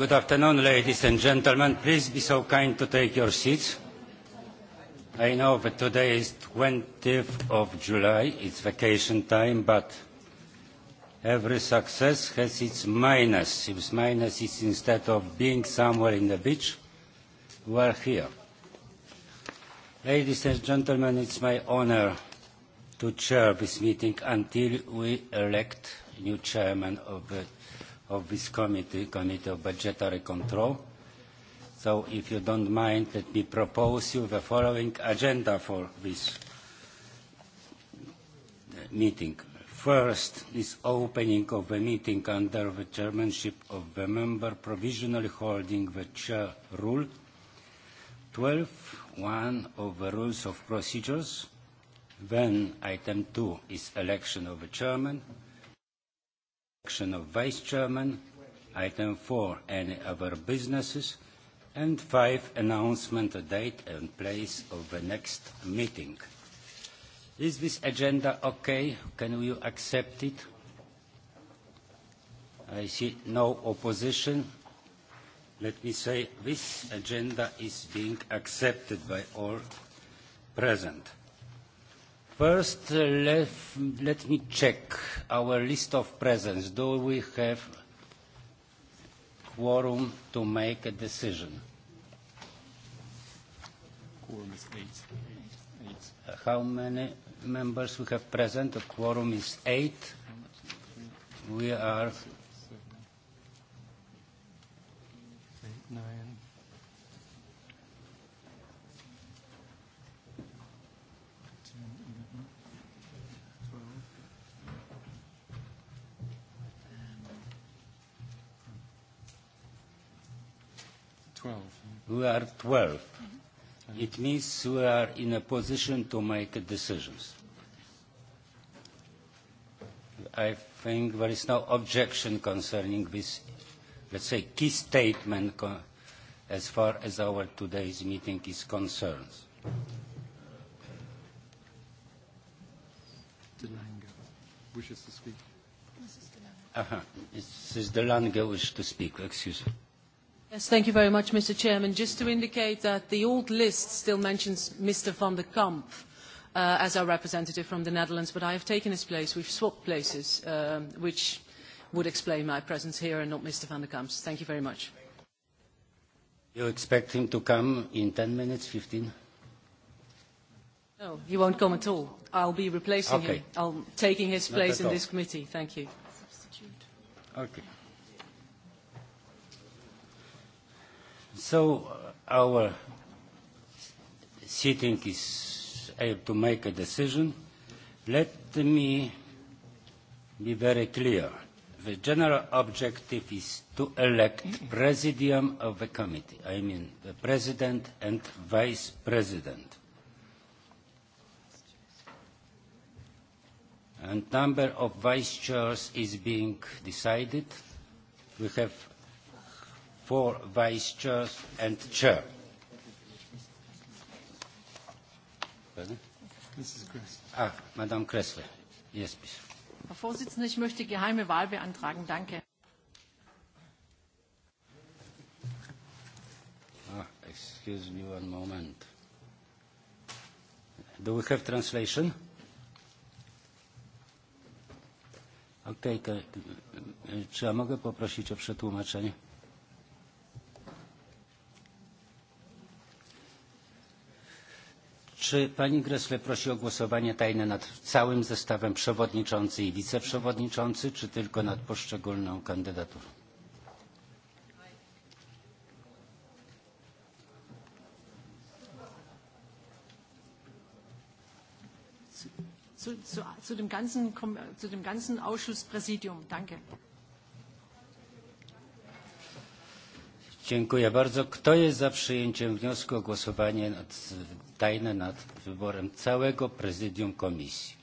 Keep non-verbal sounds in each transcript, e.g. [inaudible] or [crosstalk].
Good afternoon, ladies and gentlemen. Please be so kind to take your seats. I know that today is 20th of July, it's vacation time, but every success has its minus. Its minus is instead of being somewhere in the beach, we're here. Ladies and gentlemen, it's my honor to chair this meeting until we elect new chairman of the of this committee, Committee of Budgetary Control. So if you don't mind, let me propose you the following agenda for this uh, meeting. First is opening of the meeting under the chairmanship of the member provisionally holding the chair rule. 12, one of the rules of procedures. Then item two is election of the chairman. Mm -hmm action of Vice Chairman, item 4, any other businesses, and 5, announcement of date and place of the next meeting. Is this agenda okay? Can you accept it? I see no opposition. Let me say this agenda is being accepted by all present. First, let, let me check our list of presence. Do we have quorum to make a decision? Quorum is eight. eight. How many members we have present? The quorum is eight. We are... Nine. 12. We are 12. Mm-hmm. It means we are in a position to make decisions. I think there is no objection concerning this, let's say, key statement con- as far as our today's meeting is concerned. Delange wishes to speak. Uh-huh. Mrs. Delange. Aha, Mrs. Delange wishes to speak, excuse me. Yes, thank you very much, Mr. Chairman. Just to indicate that the old list still mentions Mr. van der Kamp uh, as our representative from the Netherlands, but I have taken his place. We've swapped places, um, which would explain my presence here and not Mr. van der Kamp's. Thank you very much. You expect him to come in 10 minutes, 15? No, he won't come at all. I'll be replacing okay. him. I'm taking his Not place in all. this committee. Thank you. Substitute. Okay. So our sitting is able to make a decision. Let me be very clear. The general objective is to elect presidium of the committee, I mean the president and vice president. And number of vice chairs is being decided. We have four vice chairs and chair. Pardon? Mrs. Gressler. Ah, Madame Gressler. Yes, please. Herr Vorsitzender, ich möchte geheime Wahl beantragen. Danke. Ah, excuse me one moment. Do we have translation? Okej, okay, czy ja mogę poprosić o przetłumaczenie? Czy pani Gressle prosi o głosowanie tajne nad całym zestawem przewodniczący i wiceprzewodniczący, czy tylko nad poszczególną kandydaturą? Zu, zu, zu, dem ganzen, zu dem ganzen Ausschusspräsidium. Danke. Dziękuję bardzo. Kto jest za przyjęciem wniosku o głosowanie nad, tajne nad wyborem całego prezydium komisji?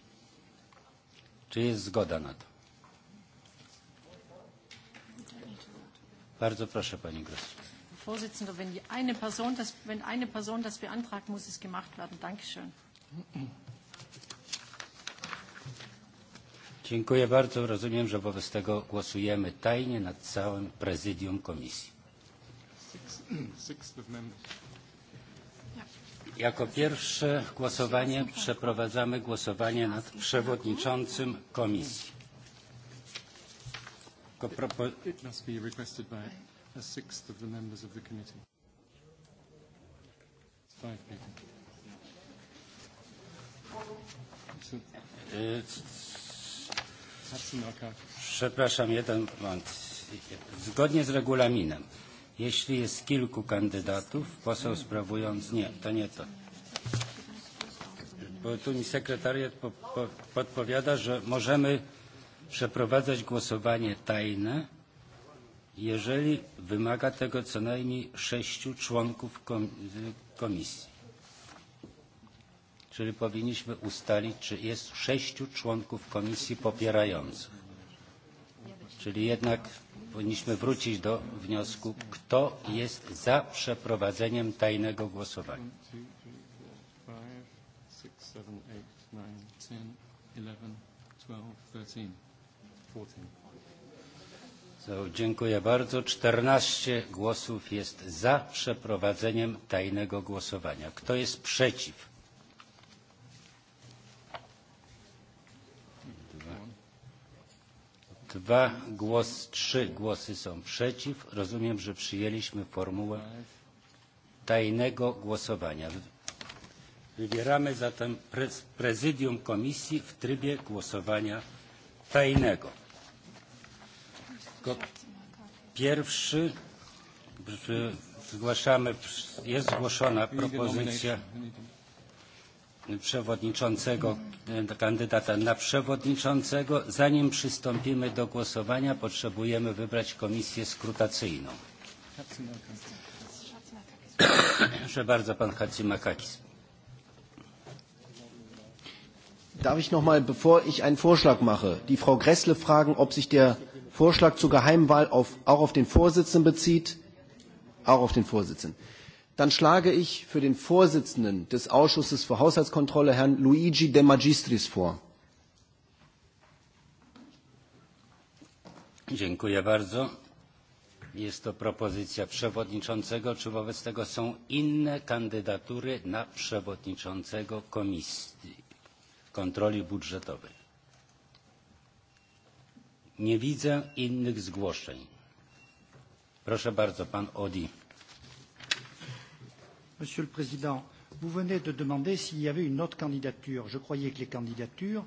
Czy jest zgoda na to? Bardzo proszę Pani Gross. Vorsitzender, wenn die eine Person das, wenn eine Person das beantragt, muss es gemacht werden. Dankeschön. Dziękuję bardzo. Rozumiem, że wobec tego głosujemy tajnie nad całym prezydium komisji. [clears throat] Jako pierwsze głosowanie przeprowadzamy głosowanie nad przewodniczącym komisji. It must be requested by a sixth of the members of the committee. Five people. Przepraszam, jeden moment. Zgodnie z regulaminem Jeśli jest kilku kandydatów, poseł sprawujący... Nie, to nie to. Bo tu mi sekretariat po, po, podpowiada, że możemy przeprowadzać głosowanie tajne, jeżeli wymaga tego co najmniej sześciu członków komisji. Czyli powinniśmy ustalić, czy jest sześciu członków komisji popierających. Czyli jednak powinniśmy wrócić do wniosku, kto jest za przeprowadzeniem tajnego głosowania. 1, Dziękuję bardzo. 14 głosów jest za przeprowadzeniem tajnego głosowania. Kto jest przeciw? dwa, głos trzy, głosy są przeciw. Rozumiem, że przyjęliśmy formułę tajnego głosowania. Wybieramy zatem pre prezydium komisji w trybie głosowania tajnego. Go pierwszy zgłaszamy, jest zgłoszona propozycja przewodniczącego, e, kandydata na przewodniczącego. Zanim przystąpimy do głosowania, potrzebujemy wybrać komisję skrutacyjną. Proszę bardzo, pan Hatzimakakis. Darf ich noch mal, bevor ich einen Vorschlag mache, die Frau Gressle fragen, ob sich der Vorschlag zur Geheimwahl auf, auch auf den Vorsitzenden bezieht? Auch auf den Vorsitzenden dann schlage ich für den Vorsitzenden des Ausschusses für Haushaltskontrolle, Herrn Luigi De Magistris, vor. Dziękuję bardzo. Jest to propozycja przewodniczącego. Czy wobec tego są inne kandydatury na przewodniczącego Komisji Kontroli Budżetowej? Nie widzę innych zgłoszeń. Proszę bardzo, pan Odi. Monsieur le Président, vous venez de demander s'il y avait une autre candidature. Je croyais que les candidatures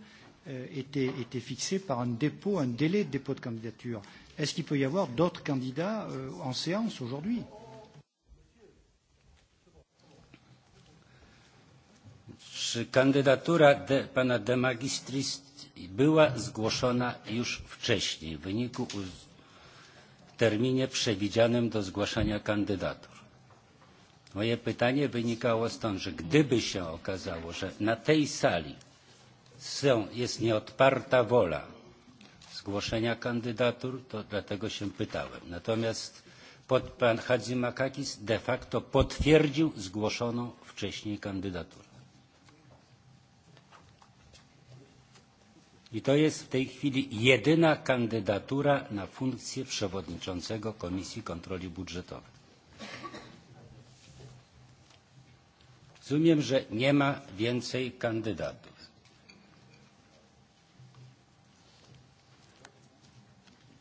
euh, étaient, étaient fixées par un dépôt, un délai de dépôt de candidature. Est-ce qu'il peut y avoir d'autres candidats euh, en séance aujourd'hui Czy kandydatura de, pana de magistris była zgłoszona już wcześniej w wyniku uz... terminie przewidzianym do zgłaszania kandydatur? Moje pytanie wynikało stąd, że gdyby się okazało, że na tej sali są, jest nieodparta wola zgłoszenia kandydatur, to dlatego się pytałem. Natomiast pod, pan Hadzimakakis de facto potwierdził zgłoszoną wcześniej kandydaturę. I to jest w tej chwili jedyna kandydatura na funkcję przewodniczącego Komisji Kontroli Budżetowej. Rozumiem, że nie ma więcej kandydatów.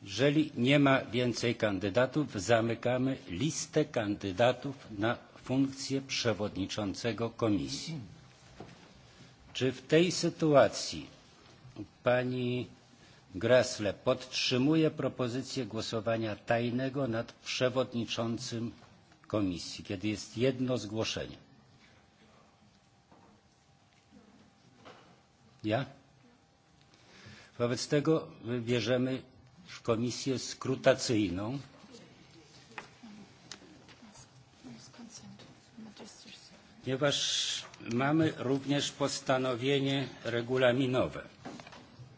Jeżeli nie ma więcej kandydatów, zamykamy listę kandydatów na funkcję przewodniczącego komisji. Czy w tej sytuacji pani Gressle podtrzymuje propozycję głosowania tajnego nad przewodniczącym komisji, kiedy jest jedno zgłoszenie? Ja? Wobec tego wybierzemy komisję skrutacyjną. Ponieważ mamy również postanowienie regulaminowe.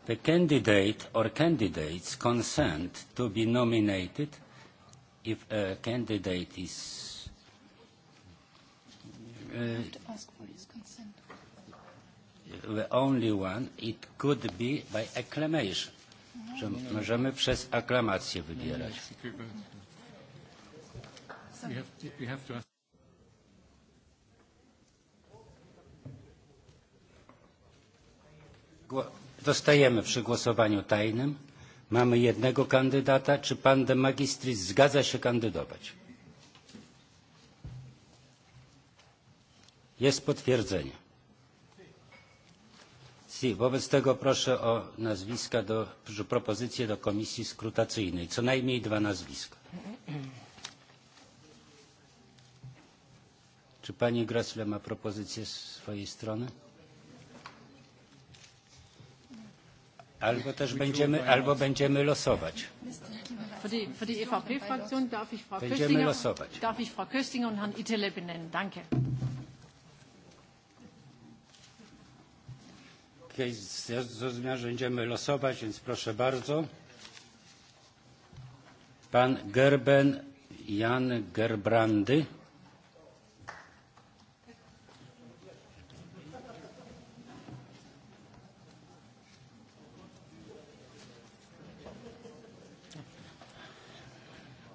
The candidate or candidates consent to be nominated if a candidate is uh, the only one, it could be by acclamation, że możemy przez aklamację wybierać. You have, you have to ask Dostajemy przy głosowaniu tajnym. Mamy jednego kandydata. Czy pan de magistris zgadza się kandydować? Jest potwierdzenie. Si. Wobec tego proszę o nazwiska, do, propozycje do komisji skrutacyjnej. Co najmniej dwa nazwiska. Czy pani Gressle ma propozycję z swojej strony? Albo też będziemy, albo będziemy losować. Für die, für die EVP-Fraktion darf ich Frau Köstinger, darf ich Frau Köstinger und Herrn Itele benennen. Danke. case zrozumiałem, że będziemy losować, więc proszę bardzo. Pan Gerben Jan Gerbrandy.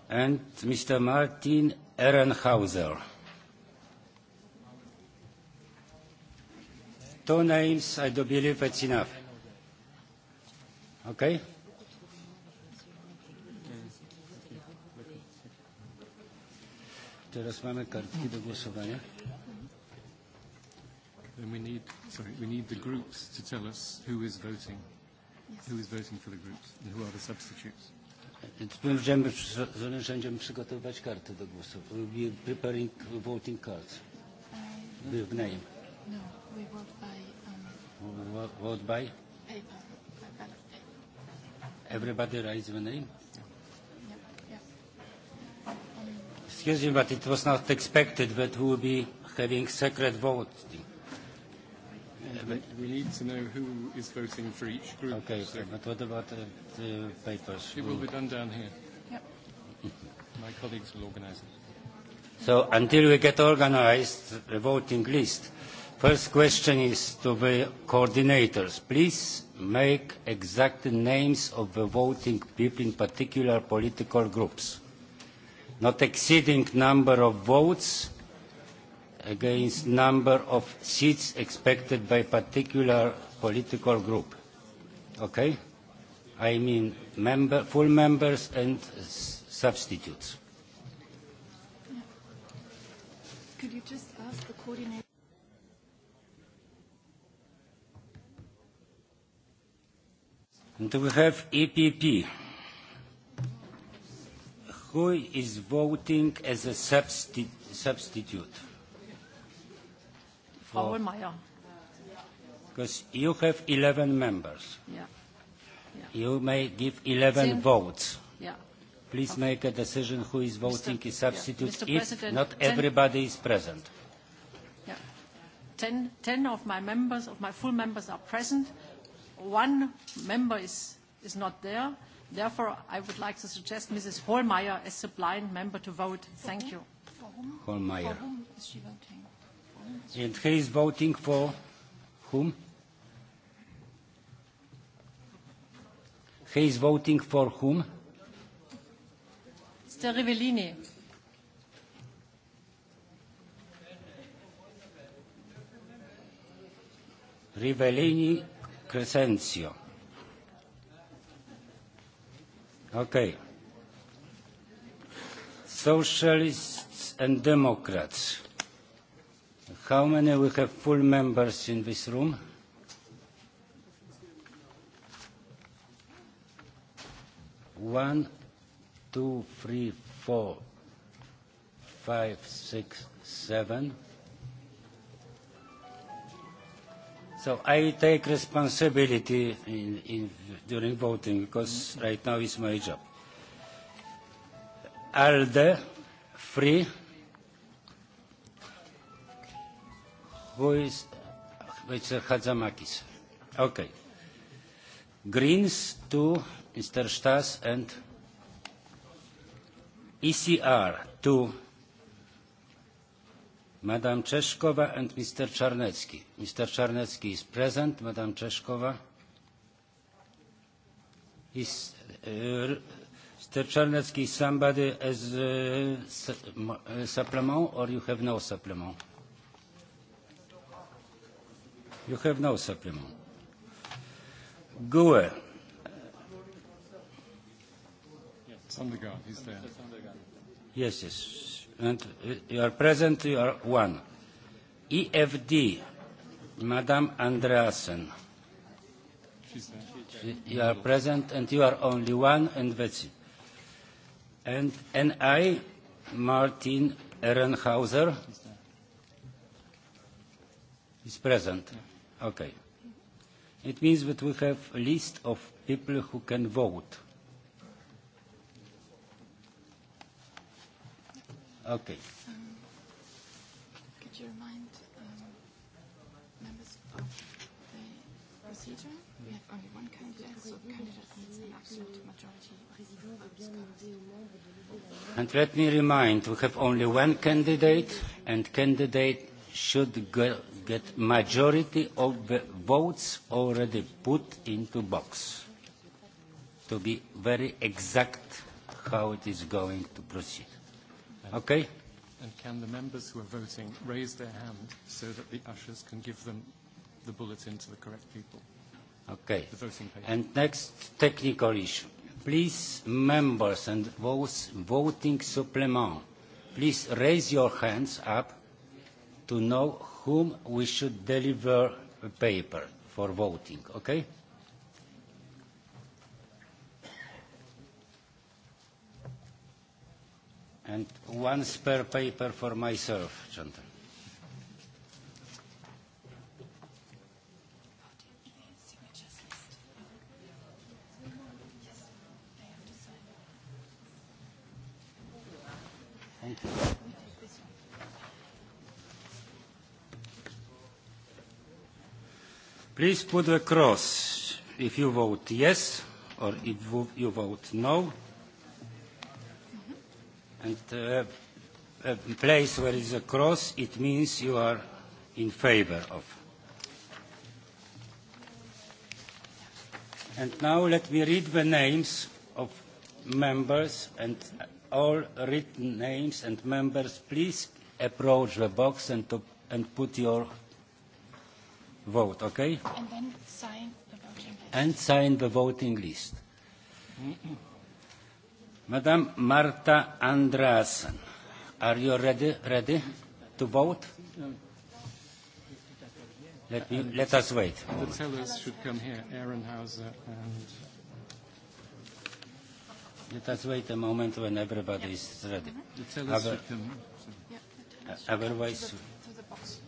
And Mr. Martin Ehrenhauser. two names, I do believe it's enough. Okay? Teraz mamy kartki do głosowania. Then we need, sorry, we need the groups to tell us who is voting, yes. who is voting for the groups and who are the substitutes. Więc my będziemy z orężeniem przygotowywać karty do głosu. We'll be preparing voting cards. Uh, With name. No. We vote by. Um, vote by. Paper. By ballot paper. Everybody writes the name. Yeah. Yeah. Um, Excuse me, but it was not expected that we will be having secret voting. We, we need to know who is voting for each group. Okay, so. okay but what about uh, the papers? It will be done down here. Yep. [laughs] My colleagues will organize it. So until we get organized, the voting list, uh, First question is to the coordinators. Please make exact names of the voting people in particular political groups, not exceeding number of votes against number of seats expected by particular political group. Okay? I mean member, full members and substitutes. Could you just ask the coordinator? Do we have EPP? Who is voting as a substi substitute? For Obermeier. Because you have 11 members. Yeah. yeah. You may give 11 Same. votes. Yeah. Please okay. make a decision who is voting Mr. is substitute yeah. Mr. if President, not everybody ten, is present. Yeah. Ten, ten of my members, of my full members are present one member is, is not there. Therefore, I would like to suggest Mrs. Hohlmeier as a blind member to vote. Thank you. Hohlmeier. For whom is she voting? And he is voting for whom? He is voting for whom? Mr. Rivellini. Rivellini Crescenzio. Okay. Socialists and Democrats. How many we have full members in this room? One, two, three, four, five, six, seven So I take responsibility in, in, during voting because right now it's my job. ALDE, free. Who is Mr. Hadzamakis? Okay. Greens, two. Mr. Stas and ECR, two. Madam Czeszkova and Mr. Czarnecki. Mr. Czarnecki is present. Madam Czeszkova is uh, Mr. Czarnecki is somebody as uh, su uh, supplement or you have no supplement? You have no supplement. GUE. Yes, Sondergaard, he's there. Yes, yes and you are present, you are one. EFD, Madame Andreasen. She's there. She, you are present and you are only one, and that's it. And NI, Martin Ehrenhauser. Is present. Okay. It means that we have a list of people who can vote. Okay. Um, could you remind um, members of the procedure? We have only one candidate, so the candidate needs an absolute majority of votes cast. And let me remind, we have only one candidate, and candidate should get majority of the votes already put into box. To be very exact how it is going to proceed. Okay. And can the members who are voting raise their hand so that the ushers can give them the bulletin to the correct people? Okay. The voting paper. And next technical issue. Please, members and those voting supplement, please raise your hands up to know whom we should deliver a paper for voting, okay? and one spare paper for myself, gentlemen. Thank you. Please put a cross if you vote yes or if you vote no and uh, a place where is a cross, it means you are in favor of. And now let me read the names of members and all written names and members, please approach the box and, to, and put your vote, okay? And then sign the voting list. And sign the voting list. Madam Marta Andreasen, are you ready, ready to vote? Let, me, let us wait. The tellers should come here, Ehrenhauser and... Let us wait a moment when everybody is ready. The tellers Other, should come here. So. Otherwise... To the, to the box.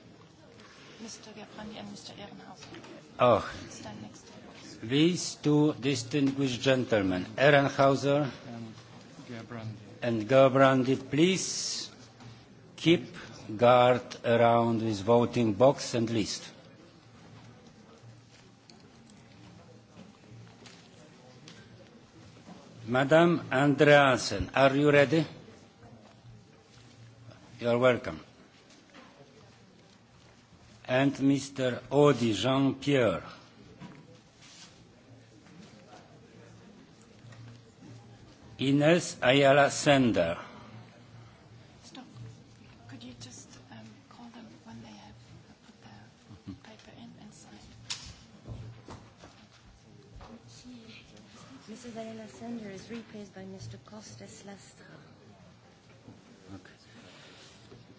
Mr. Gabrandi and Mr. Ehrenhauser. Oh. Stand next to the box. These two distinguished gentlemen, Ehrenhauser... Um, and Gerbrandi, please keep guard around this voting box and list. Madam Andreasen, are you ready? You are welcome. And Mr. Audi Jean-Pierre. Ines Ayala Sender. Stop. Could you just um, call them when they have put their mhm. paper in and signed? Mrs. Ayala Sender is replaced by Mr. Costas Lastra. Okay.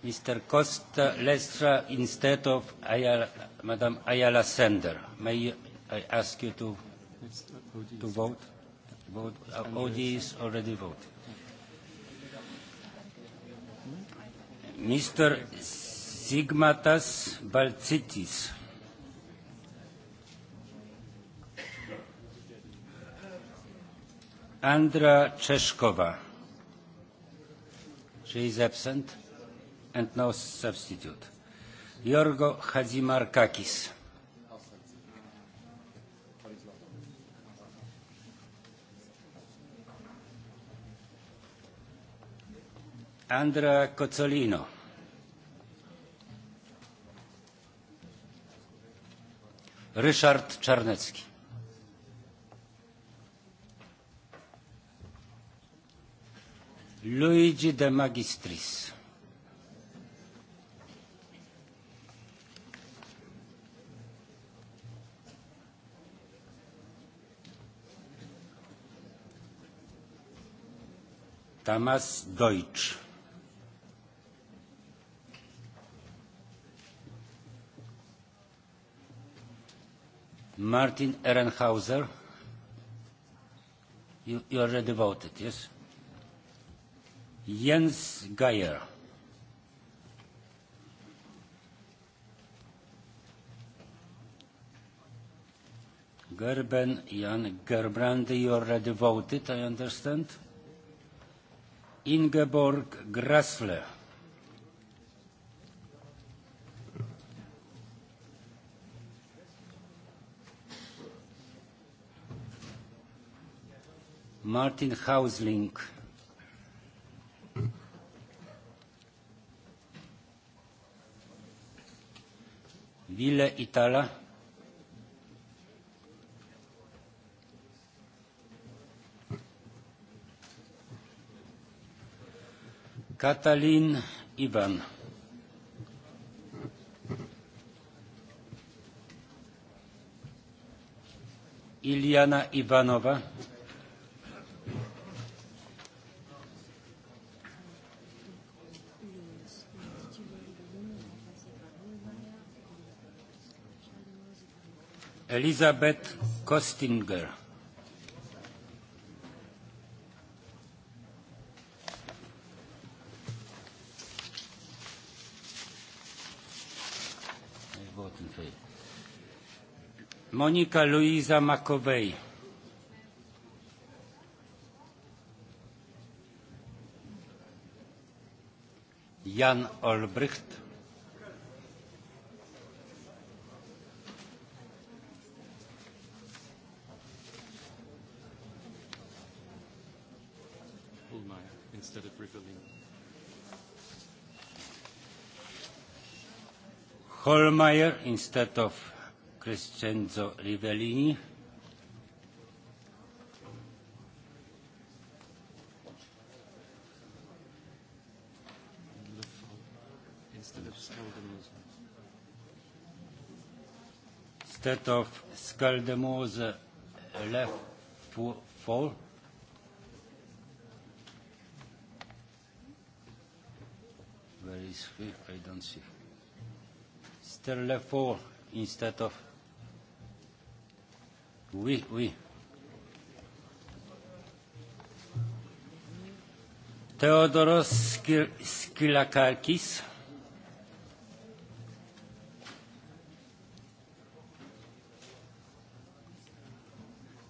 Mr. Costa Lestra instead of Ayala, Madam Ayala Sender. May I ask you to, to vote? Vote, uh, OD is already voted. Mr. Sigmatas Balcitis. Andra Czeszkova. She is absent and no substitute. Yorgo Hadzimarkakis. Kakis. Andrea Cozzolino. Ryszard Czarnecki. Luigi de Magistris. Tamas Deutsch. Martin Ehrenhauser. You, you already voted, yes? Jens Geier. Gerben Jan Gerbrandi, you already voted, I understand. Ingeborg Grassle. Martin Hausling. Ville Itala. Katalin Ivan. Iliana Ivanova. Elisabeth Kostinger. Monika Luisa Makowej. Jan Olbrycht. Holmeyer instead of Crescenzo Rivellini. Instead of Scaldemose left four. Where is he? I don't see. Mr. Lefort instead of... Oui, oui. Theodoros Skylakakis.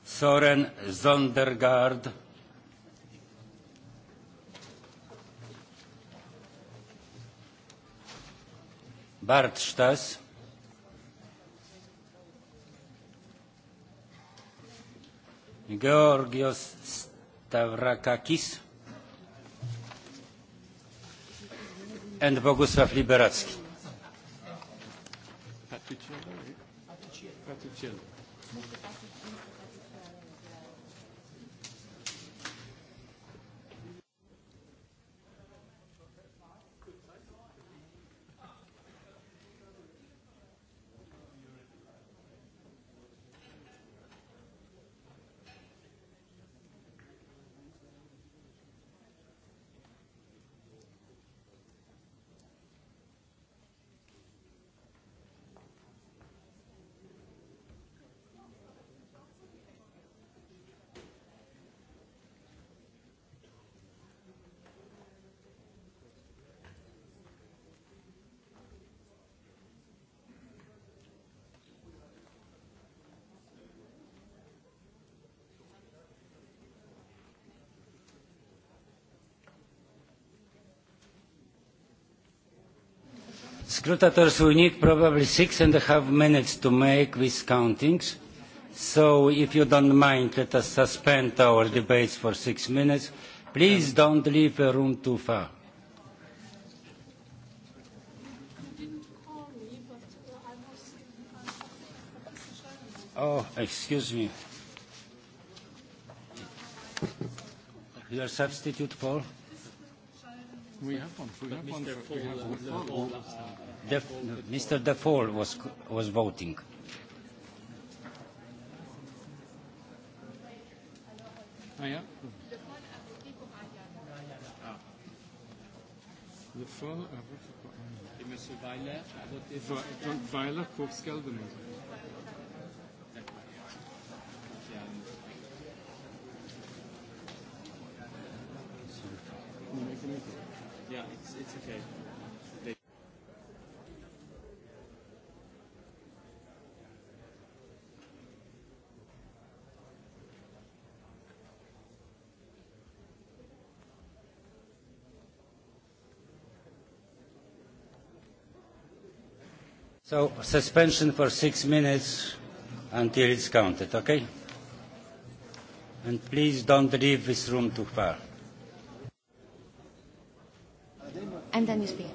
Soren Zondergaard. Bart Stas. Georgios Stavrakakis and Bogusław Liberacki. Patriciello. Eh? Patriciello. Scrutators, we need probably six and a half minutes to make these countings. So if you don't mind, let us suspend our debates for six minutes. Please um, don't leave the room too far. Oh, excuse me. Your substitute, Paul? We have one. We have Mr. one. Paul, uh, we have one. Paul. Paul. Uh, Def, Mr. Defoe was, was voting. Ah, ja? Le Foll a voté pour Anna. Et M. Weiler a voté pour... Donc Weiler pour Skeldemann. Yeah, it's, it's okay. So suspension for six minutes until it's counted, okay? And please don't leave this room too far. And then you speak.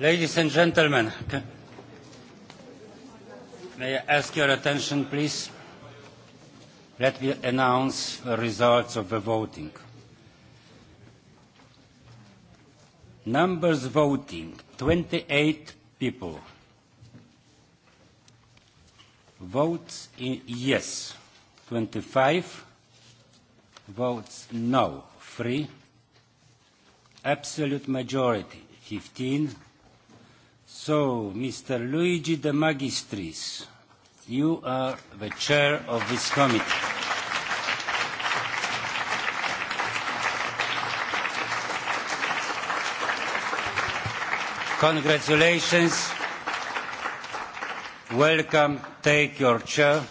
Ladies and gentlemen, may I ask your attention, please? Let me announce the results of the voting. Numbers voting, 28 people. Votes in yes, 25. Votes no, 3. Absolute majority, 15 So, Mr. Luigi De Magistris, you are the chair of this committee. Congratulations. Welcome. Take your chair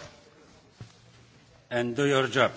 and do your job.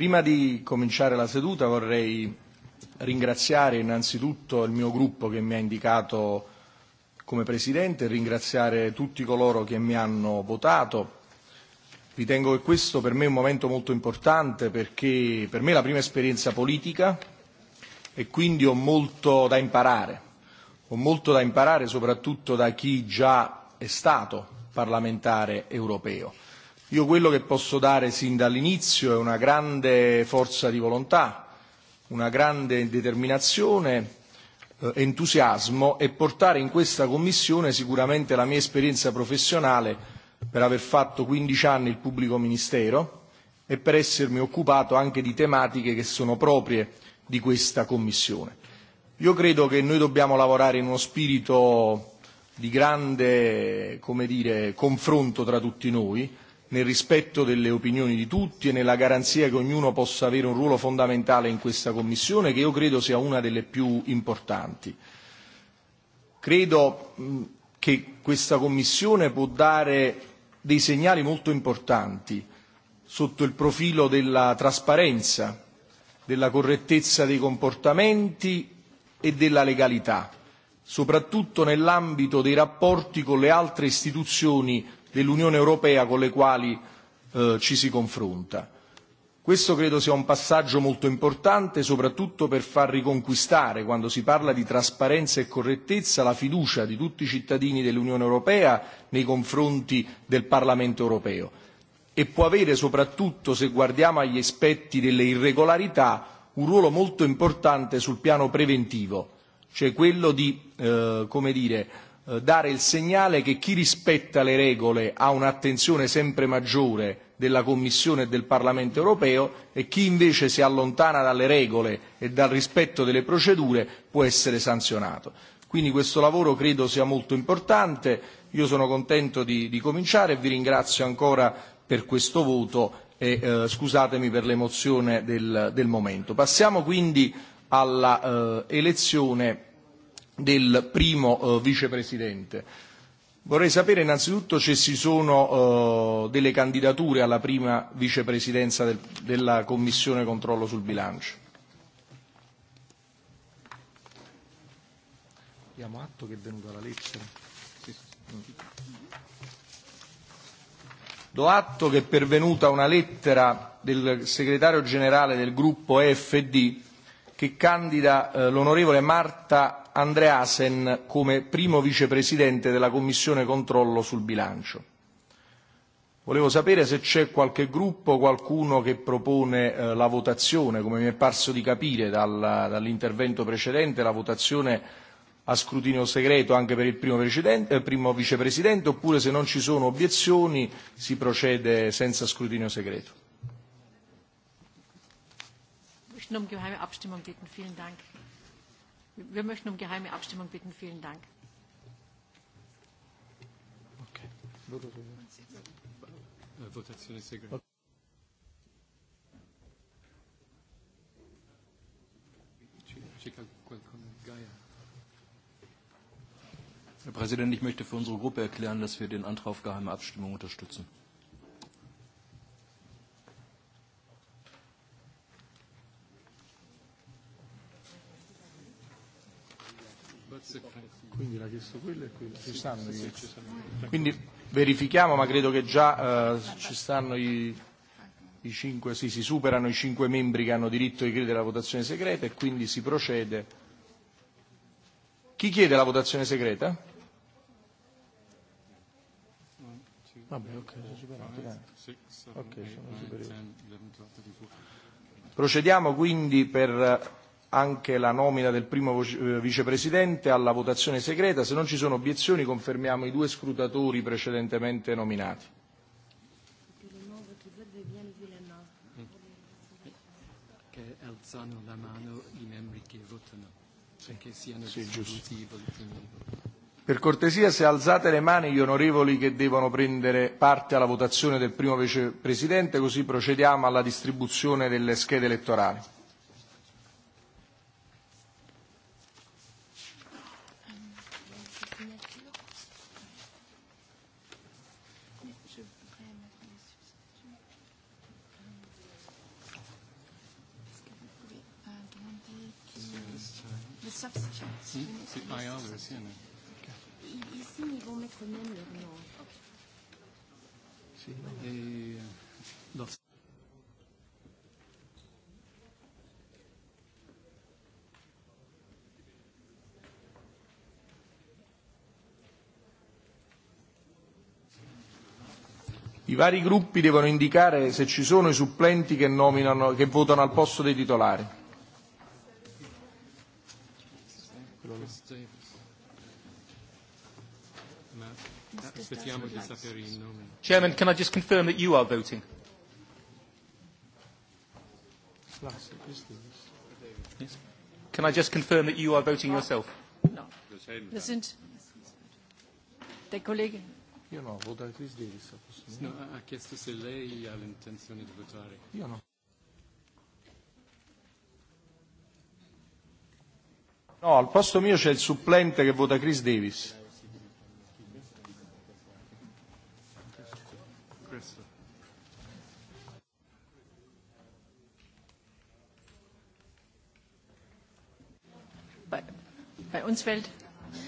Prima di cominciare la seduta vorrei ringraziare innanzitutto il mio gruppo che mi ha indicato come Presidente e ringraziare tutti coloro che mi hanno votato. Ritengo che questo per me è un momento molto importante perché per me è la prima esperienza politica e quindi ho molto da imparare. Ho molto da imparare soprattutto da chi già è stato parlamentare europeo Io quello che posso dare sin dall'inizio è una grande forza di volontà, una grande determinazione, eh, entusiasmo e portare in questa Commissione sicuramente la mia esperienza professionale per aver fatto 15 anni il pubblico ministero e per essermi occupato anche di tematiche che sono proprie di questa Commissione. Io credo che noi dobbiamo lavorare in uno spirito di grande come dire, confronto tra tutti noi, nel rispetto delle opinioni di tutti e nella garanzia che ognuno possa avere un ruolo fondamentale in questa Commissione, che io credo sia una delle più importanti. Credo che questa Commissione può dare dei segnali molto importanti sotto il profilo della trasparenza, della correttezza dei comportamenti e della legalità, soprattutto nell'ambito dei rapporti con le altre istituzioni dell'Unione Europea con le quali eh, ci si confronta. Questo credo sia un passaggio molto importante, soprattutto per far riconquistare, quando si parla di trasparenza e correttezza, la fiducia di tutti i cittadini dell'Unione Europea nei confronti del Parlamento Europeo e può avere, soprattutto se guardiamo agli aspetti delle irregolarità, un ruolo molto importante sul piano preventivo, cioè quello di eh, come dire, Eh, dare il segnale che chi rispetta le regole ha un'attenzione sempre maggiore della Commissione e del Parlamento europeo e chi invece si allontana dalle regole e dal rispetto delle procedure può essere sanzionato. Quindi questo lavoro credo sia molto importante, io sono contento di, di cominciare e vi ringrazio ancora per questo voto e eh, scusatemi per l'emozione del, del momento. Passiamo quindi all'elezione eh, del primo eh, vicepresidente. Vorrei sapere innanzitutto se ci sono eh, delle candidature alla prima vicepresidenza del, della Commissione controllo sul bilancio. Diamo atto che è venuta la lettera. Sì, sì. Do atto che è pervenuta una lettera del segretario generale del gruppo EFD che candida eh, l'onorevole Marta Andreasen come primo vicepresidente della Commissione controllo sul bilancio. Volevo sapere se c'è qualche gruppo, qualcuno che propone eh, la votazione, come mi è parso di capire dal, dall'intervento precedente, la votazione a scrutinio segreto anche per il primo, eh, primo vicepresidente, oppure se non ci sono obiezioni si procede senza scrutinio segreto. Ich um geheime Abstimmung bitten. Vielen Dank. Wir möchten um geheime Abstimmung bitten. Vielen Dank. Okay. Äh, Votazione segreta. Herr Präsident, ich möchte für unsere Gruppe erklären, dass wir den Antrag auf geheime Abstimmung unterstützen. Quindi l'ha chiesto quello e quello. Ci stanno sì, sì, Quindi verifichiamo, ma credo che già eh, ci stanno i, i cinque, sì, si superano i cinque membri che hanno diritto di chiedere la votazione segreta e quindi si procede. Chi chiede la votazione segreta? Vabbè, ok, sono superato. Dai. Ok, sono superato. Procediamo quindi per anche la nomina del primo eh, vicepresidente alla votazione segreta. Se non ci sono obiezioni confermiamo i due scrutatori precedentemente nominati. Che alzano la mano i membri che votano, perché siano sì, giusto. Per cortesia, se alzate le mani gli onorevoli che devono prendere parte alla votazione del primo vicepresidente, così procediamo alla distribuzione delle schede elettorali. C'est pas grave aussi. Mais... Ici, ils vont mettre même leur nom. Si, et euh, dans I vari gruppi devono indicare se ci sono i supplenti che, nominano, che votano al posto dei titolari. Chairman, can I just confirm that you are voting? Yes. Can I just confirm that you are voting yourself? No. Wir sind der Kollege. Io no, ho votato Isdiri. No, ha chiesto se lei ha l'intenzione di votare. Io no. No, al posto mio c'è il supplente che vota Chris Davis. Bei uns fällt,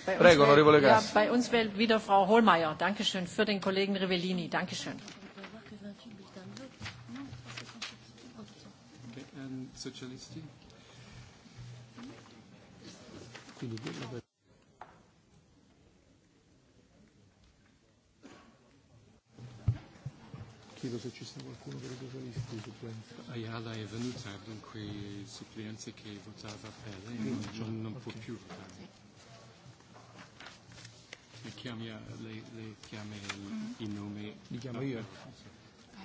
bei Prego, uns fällt, ja, bei uns fällt wieder Frau Hohlmeier. Dankeschön für den Kollegen Rivellini. Dankeschön. Okay, and socialisti? quindi quello per chiedo se ci sia qualcuno per i socialisti supplente. Ayala è venuta, dunque il supplente che votava per lei non, non, non okay. può più votare. Le chiami, le, le chiami mm. il nome. Li chiamo no, io? Ah, eh,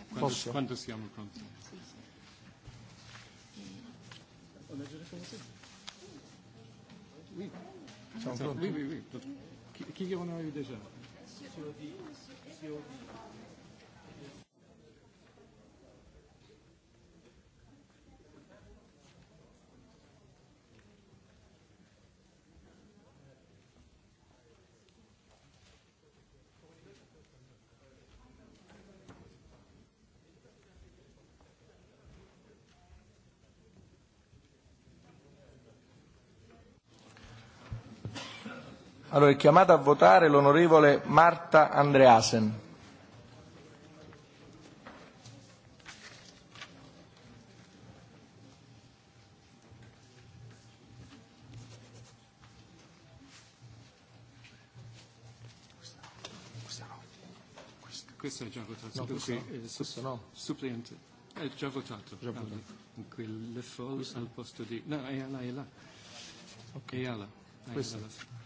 quando, Posso? Quando siamo pronti? Sì, sì. E... On a déjà commencé Oui. Jean-Claude. Oui, oui, oui. Qui, qui en a eu déjà COD. COD. Allora è chiamata a votare l'onorevole Marta Andreasen. questo è già votato, no, questo, perché, no, eh, questo no. Suppliente. È già votato. Già votato. Ah, quelle folle al posto di... No, è là, è là. Okay. È là. È là.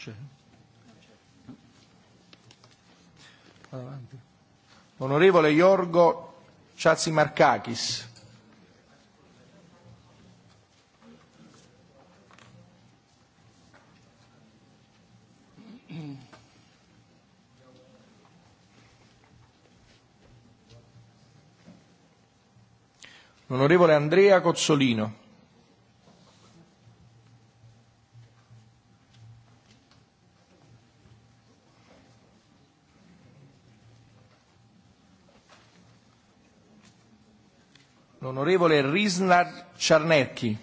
c'è. Avanti. Onorevole Iorgo Ciazimarcakis. L'onorevole Andrea Cozzolino. l'onorevole Risnar Ciarnecchi.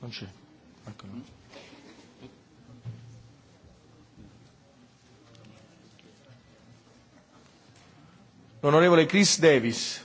Non c'è. Ecco. L'onorevole Chris Davis.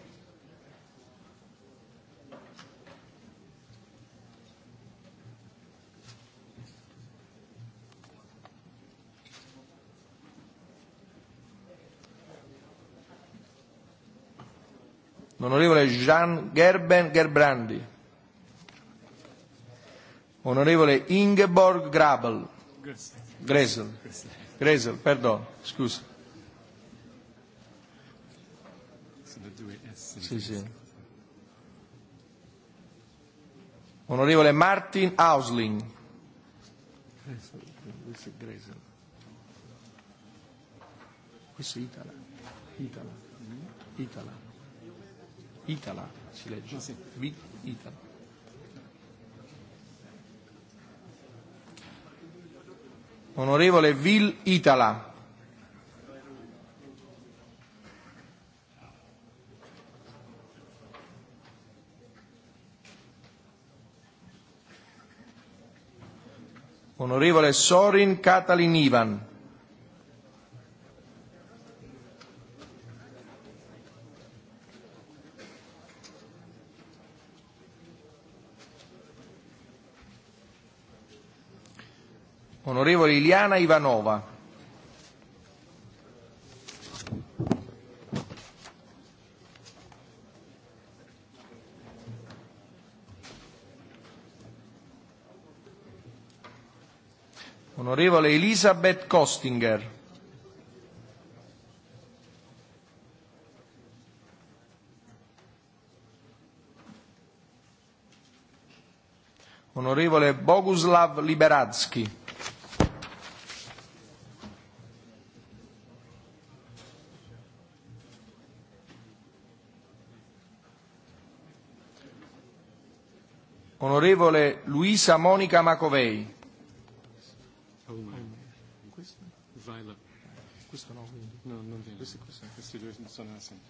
Gian Gerben Gerbrandi. Onorevole Ingeborg Grabel. Gresel. Gresel, perdono, scusa. Sì, sì. Onorevole Martin Ausling. Questo è Gresel. Questo è Itala. Itala. Itala. Itala si legge. Ah, sì. Big Itala. Onorevole Vil Itala. Onorevole Sorin Katalin Ivan. Biljana Ivanova. Onorevole Elisabeth Kostinger. Onorevole Boguslav Liberadski. Onorevole Luisa Monica Macovei. Questo no, no, non viene. Questi, questi, questi due sono assenti.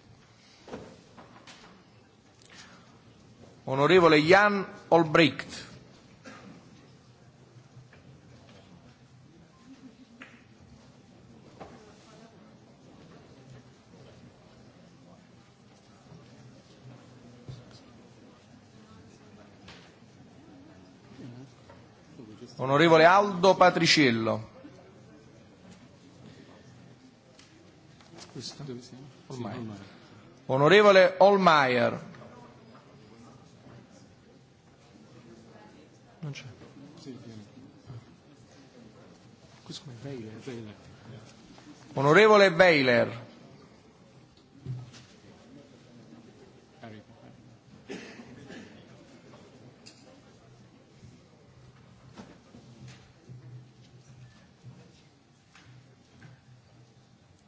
Onorevole Jan Olbricht. Onorevole Aldo Patriciello. Onorevole Olmaier. Non c'è. Onorevole Weiler.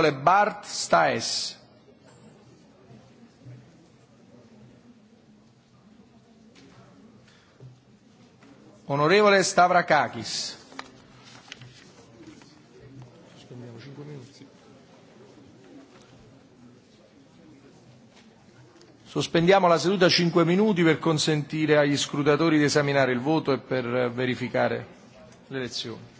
Onorevole Bart Staes. Onorevole Stavrakakis. Sospendiamo la seduta 5 minuti per consentire agli scrutatori di esaminare il voto e per verificare l'elezione.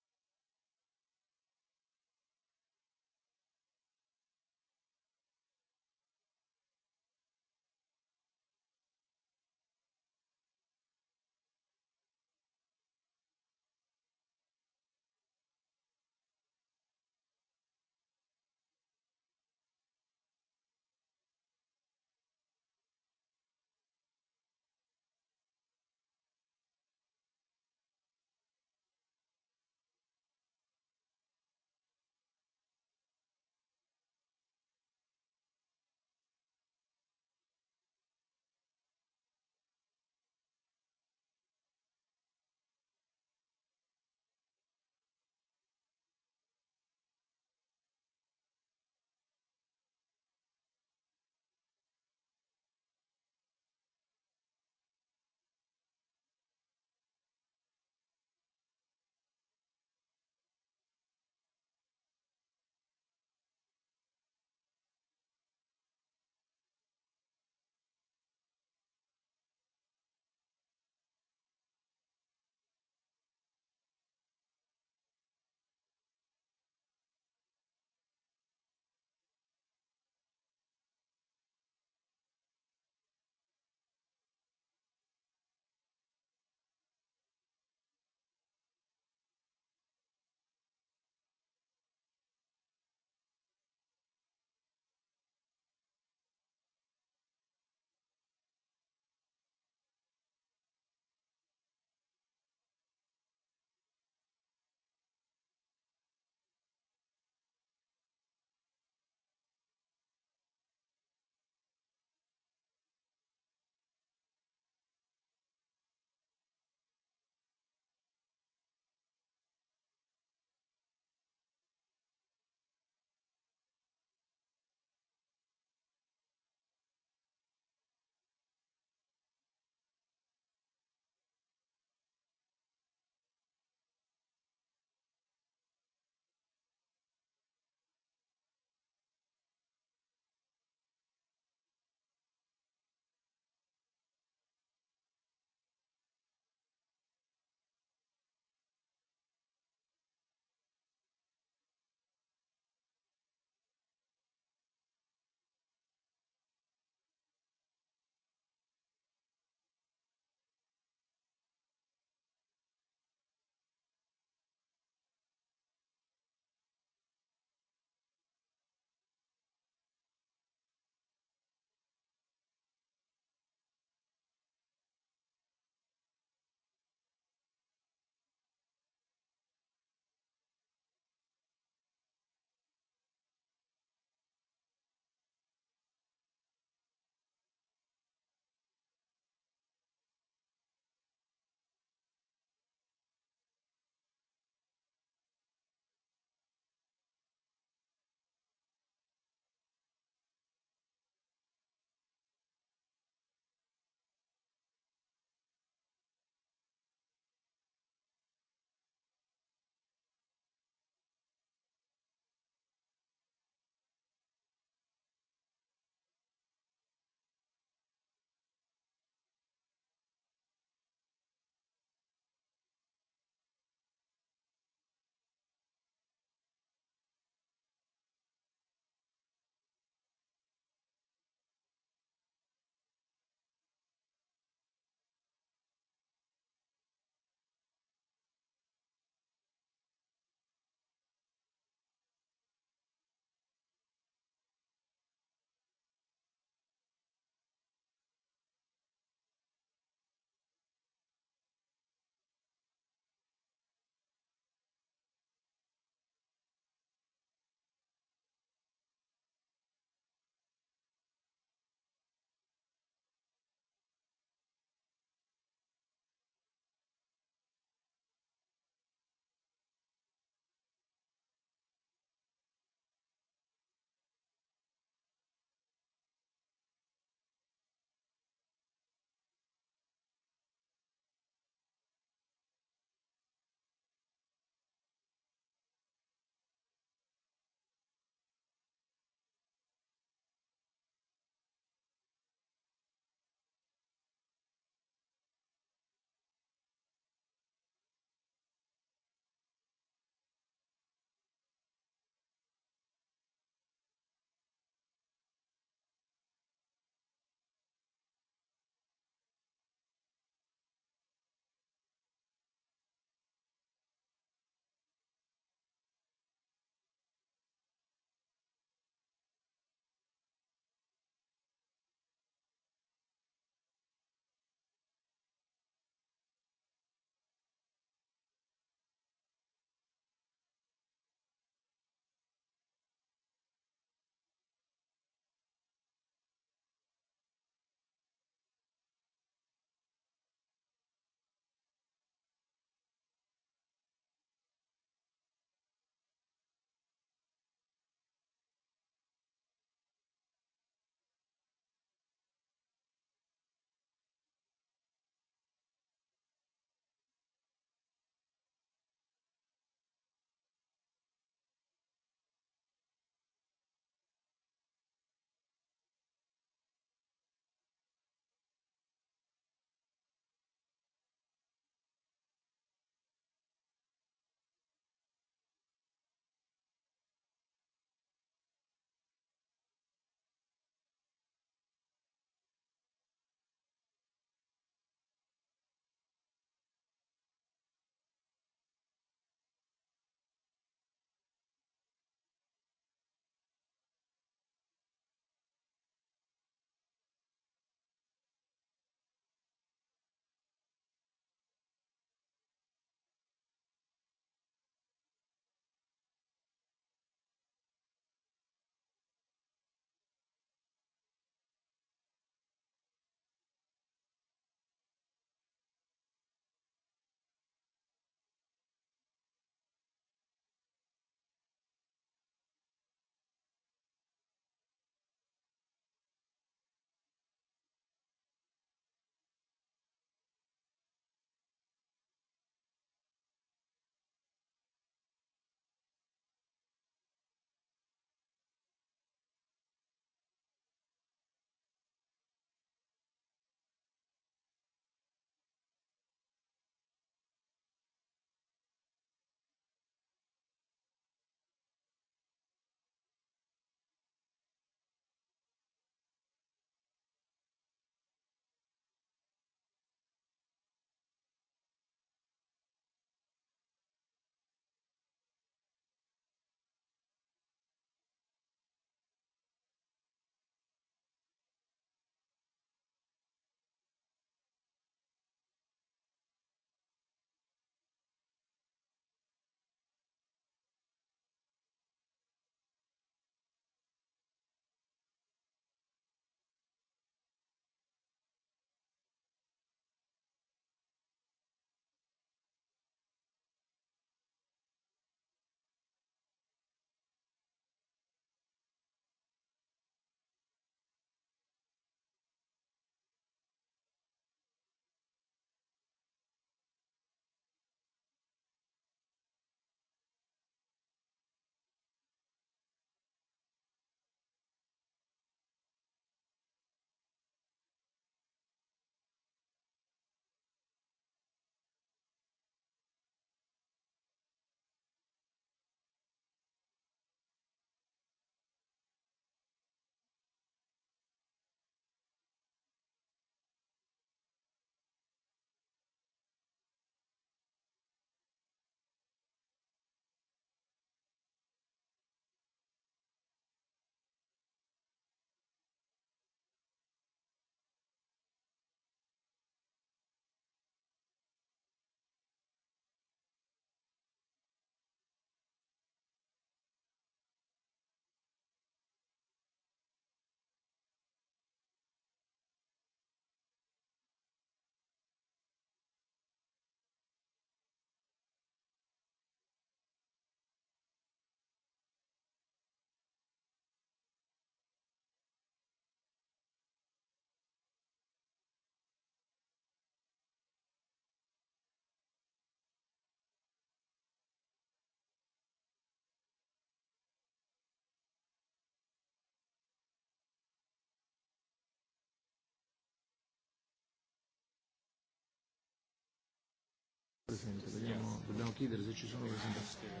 Presidente, vediamo, dobbiamo chiedere se ci sono presentazioni.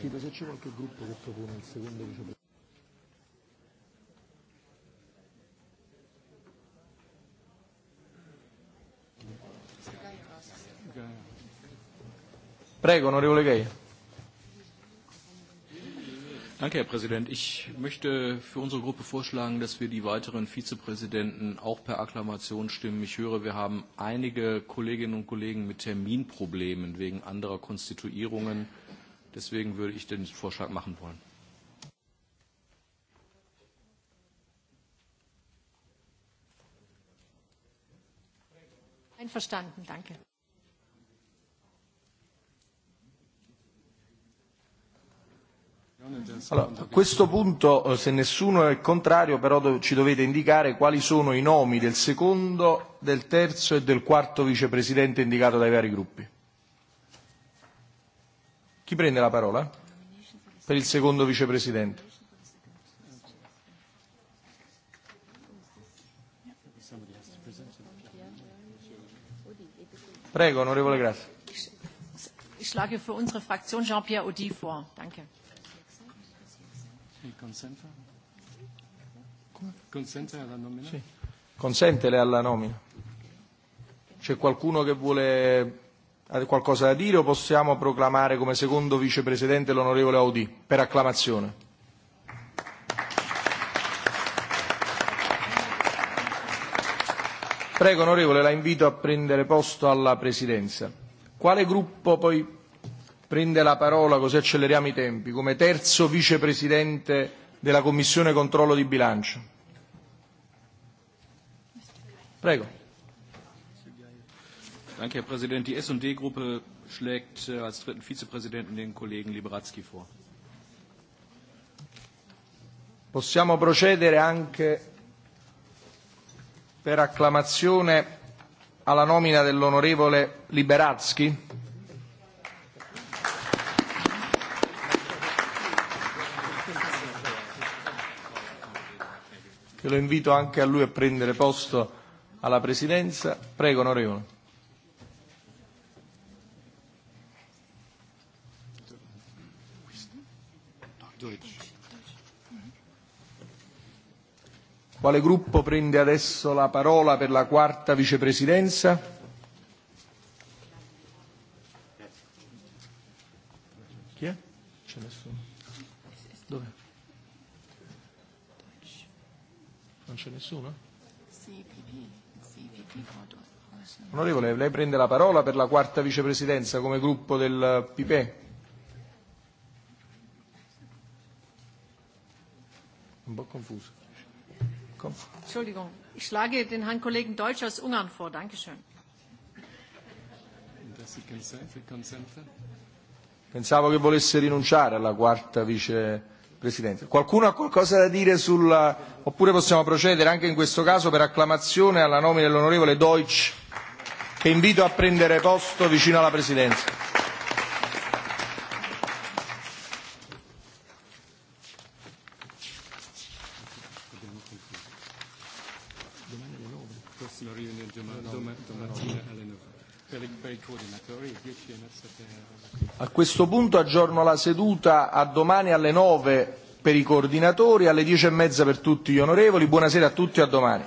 chiedo se c'è qualche gruppo che propone il secondo vicepresidente. Prego, onorevole Gaia. Danke, Herr Präsident. Ich möchte für unsere Gruppe vorschlagen, dass wir die weiteren Vizepräsidenten auch per Akklamation stimmen. Ich höre, wir haben einige Kolleginnen und Kollegen mit Terminproblemen wegen anderer Konstituierungen. Ja Deswegen würde ich den Vorschlag machen wollen. Einverstanden, danke. Allora, a questo punto, eh, se nessuno è contrario, però do, ci dovete indicare quali sono i nomi del secondo, del terzo e del quarto vicepresidente indicato dai vari gruppi. Chi prende la parola? Per il secondo vicepresidente. Prego, onorevole Grazie. Ich schlage für unsere Fraktion Jean-Pierre Audi vor. Danke. Consente alla nomina? Sì. Consentele alla nomina. C'è qualcuno che vuole Ha qualcosa da dire o possiamo proclamare come secondo vicepresidente l'onorevole Audi per acclamazione? Prego onorevole, la invito a prendere posto alla presidenza. Quale gruppo poi prende la parola così acceleriamo i tempi come terzo vicepresidente della Commissione controllo di bilancio? Prego. Danke, Herr Präsident. Die S&D-Gruppe schlägt äh, als dritten Vizepräsidenten den Kollegen Liberatzki vor. Possiamo procedere anche per acclamazione alla nomina dell'onorevole Liberazzi. Che lo invito anche a lui a prendere posto alla Presidenza. Prego, onorevole. Quale gruppo prende adesso la parola per la quarta vicepresidenza? Chi è? C'è nessuno. Dov'è? Non c'è nessuno? Onorevole, lei prende la parola per la quarta vicepresidenza come gruppo del PIPE? Un po' confuso. Komm. Entschuldigung, ich schlage den Herrn Kollegen Deutsch aus Ungarn vor. Dankeschön. Pensavo che volesse rinunciare alla quarta vicepresidente. Qualcuno ha qualcosa da dire sulla... oppure possiamo procedere anche in questo caso per acclamazione alla nomina dell'onorevole Deutsch che invito a prendere posto vicino alla presidenza. A questo punto aggiorno la seduta a domani alle 9 per i coordinatori, alle 10 e mezza per tutti gli onorevoli. Buonasera a tutti e a domani.